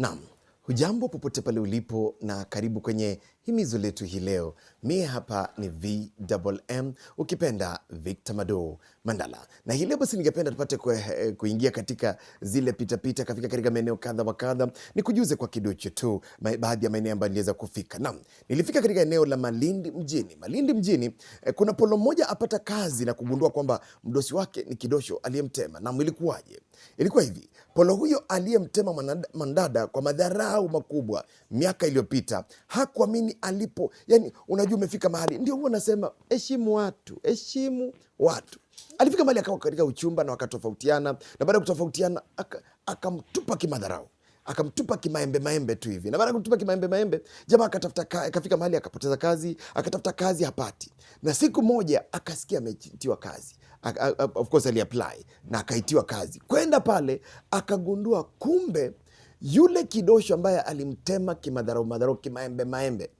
Naam, hujambo popote pale ulipo na karibu kwenye himizo letu hii leo. Mie hapa ni VMM, ukipenda Victor Mado Mandala, na hii leo basi ningependa tupate kwe, eh, kuingia katika zile pitapita kafika katika maeneo kadha wa kadha. kujuze kwa kidocho tu baadhi ya maeneo ambayo niliweza kufika. Naam, nilifika katika eneo la Malindi mjini. Malindi mjini eh, kuna polo mmoja apata kazi na kugundua kwamba mdosi wake ni kidosho aliyemtema. Naam, ilikuwaje? Ilikuwa hivi, polo huyo aliyemtema mandada kwa madharau makubwa miaka iliyopita hakuamini yani alipo, yani unajua umefika mahali. Ndio huwa nasema heshimu watu, heshimu watu. Alifika mahali akawa katika uchumba na wakatofautiana, na baada ya kutofautiana akamtupa aka kimadharau akamtupa kimaembe maembe tu hivi, na baada ya kumtupa kimaembe maembe, jamaa akatafuta, akafika mahali akapoteza kazi, akatafuta kazi hapati, na siku moja akasikia ametiwa kazi. A, a, a, of course ali apply na akaitiwa kazi. Kwenda pale akagundua kumbe yule kidosho ambaye alimtema kimadharau madharau kimaembe maembe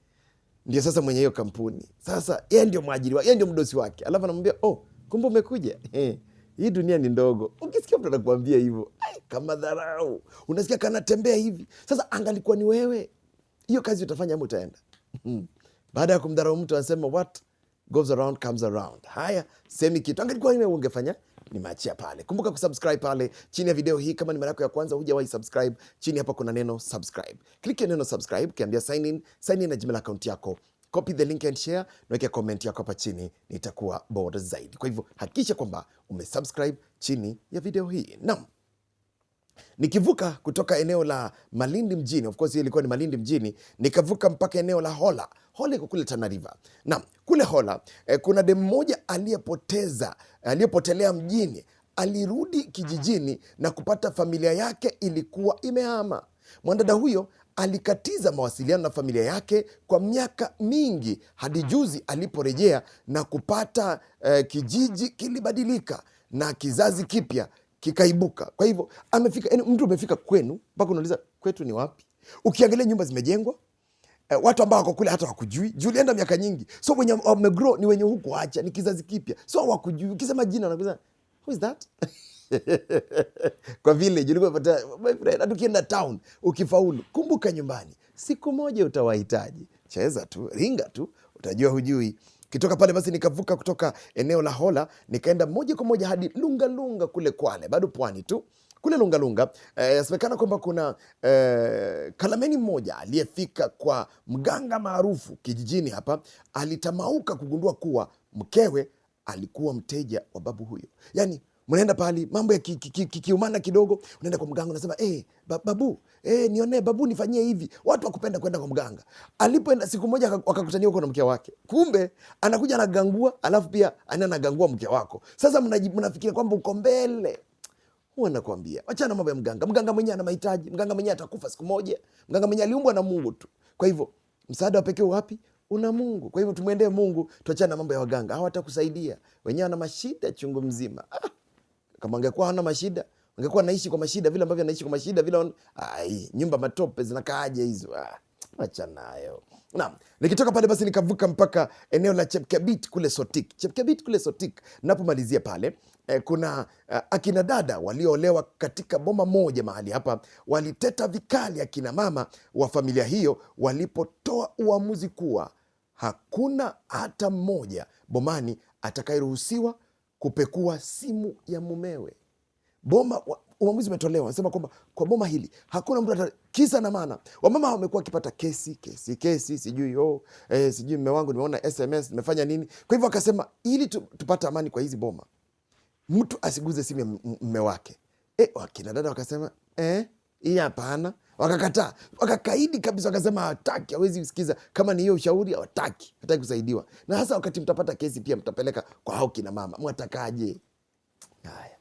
ndio sasa mwenye hiyo kampuni. Sasa yeye ndio mwajiri wake, yeye ndio mdosi wake, alafu anamwambia oh, kumbe umekuja eh, Hii dunia ni ndogo. Ukisikia mtu anakuambia hivyo kama dharau, unasikia kanatembea hivi. Sasa angalikuwa ni wewe, hiyo kazi utafanya ama utaenda? Hmm. Baada ya kumdharau mtu anasema what goes around comes around. Haya, semi kitu, angalikuwa wewe ungefanya nimeachia pale. Kumbuka kusubscribe pale chini ya video hii, kama ni mara yako ya kwanza hujawahi subscribe, chini hapa kuna neno subscribe, ya neno subscribe, kiambia sign in, sign in na Gmail account yako Copy the link and share, nawekea comment yako hapa chini, nitakuwa bora zaidi. Kwa hivyo hakikisha kwamba umesubscribe chini ya video hii. Naam. Nikivuka kutoka eneo la Malindi mjini, of course ilikuwa ni Malindi mjini, nikavuka mpaka eneo la Hola. Hola iko kule Tana River. Naam, kule Hola eh, kuna dem mmoja aliyepoteza aliyepotelea mjini, alirudi kijijini na kupata familia yake ilikuwa imehama. mwandada huyo alikatiza mawasiliano na familia yake kwa miaka mingi hadi juzi aliporejea na kupata eh, kijiji kilibadilika na kizazi kipya kikaibuka. Kwa hivyo amefika, yani mtu amefika kwenu mpaka unauliza kwetu ni wapi? Ukiangalia nyumba zimejengwa eh, watu ambao wako kule hata wakujui juu ulienda miaka nyingi, so wenye wamegrow ni wenye huku acha ni kizazi kipya, so wakujui. Ukisema jina wanakuza who is that kwa vile julipopata my friend, hata ukienda town ukifaulu, kumbuka nyumbani siku moja utawahitaji. Cheza tu ringa tu, utajua hujui. Kitoka pale basi nikavuka kutoka eneo la Hola nikaenda moja kwa moja hadi Lungalunga kule Kwale, bado pwani tu kule Lungalunga eh, yasemekana eh, kwamba kuna eh, kalameni mmoja aliyefika kwa mganga maarufu kijijini hapa. Alitamauka kugundua kuwa mkewe alikuwa mteja wa babu huyo, yani mnaenda pali mambo ya kiumana ki, ki, ki, kidogo, unaenda kwa mganga unasema hey, eh, babu hey, eh, nione babu nifanyie hivi. Watu wakupenda kwenda kwa mganga. Alipoenda siku moja wakakutania huko na mke wake, kumbe anakuja anagangua, alafu pia ana anagangua mke wako. Sasa mnafikiria kwamba uko mbele. Huwa nakwambia wachana mambo ya mganga. Mganga mwenyewe ana mahitaji, mganga mwenyewe atakufa siku moja. Mganga mwenyewe aliumbwa na Mungu tu, kwa hivyo msaada wa pekee wapi una Mungu. Kwa hivyo tumwendee Mungu, tuachana na mambo ya waganga, hawatakusaidia wenyewe, wana mashida chungu mzima. Ah, kama angekuwa hana mashida, angekuwa anaishi kwa mashida vile ambavyo anaishi kwa mashida vile on... Ai, nyumba matope zinakaaje hizo? Ah, acha nayo. Na nikitoka pale basi nikavuka mpaka eneo la Chepkebit kule Sotik. Chepkebit kule Sotik, napomalizia pale eh, kuna uh, akina dada walioolewa katika boma moja mahali hapa waliteta vikali akina mama wa familia hiyo walipotoa uamuzi kuwa hakuna hata mmoja bomani atakayeruhusiwa kupekua simu ya mumewe. Boma uamuzi umetolewa, anasema kwamba kwa boma hili hakuna mtu ata, kisa na maana wamama wamekuwa wakipata kesi kesi kesi, sijui yo oh, eh, sijui mme wangu nimeona SMS nimefanya nini. Kwa hivyo akasema ili tu, tupate amani kwa hizi boma, mtu asiguze simu ya mme wake. eh, wakina dada wakasema eh, hii hapana. Wakakataa, wakakaidi kabisa, wakasema hawataki, hawezi sikiza. Kama ni hiyo ushauri, hawataki, hataki kusaidiwa. Na hasa wakati mtapata kesi pia mtapeleka kwa hao kina mama, mwatakaje? Haya,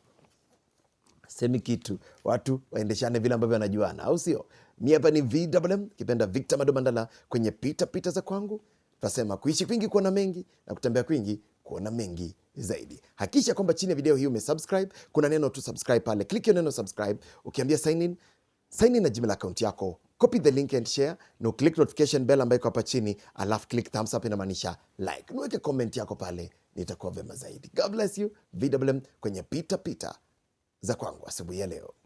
semi kitu, watu waendeshane vile ambavyo wanajuana, au sio? Mi hapa ni VMM kipenda Victor Madomandala kwenye pita pita za kwangu. tasema kuishi kwingi kuona mengi na kutembea kwingi kuona mengi zaidi. Hakikisha kwamba chini ya video hii umesubscribe. Kuna neno tu subscribe pale, click hiyo neno subscribe, ukiambia sign in sign in na Gmail account yako, copy the link and share, na click notification bell ambayo iko hapa chini, alafu click thumbs up, inamaanisha like. Niweke comment yako pale, nitakuwa vema zaidi. God bless you. VMM kwenye pitapita za kwangu asubuhi ya leo.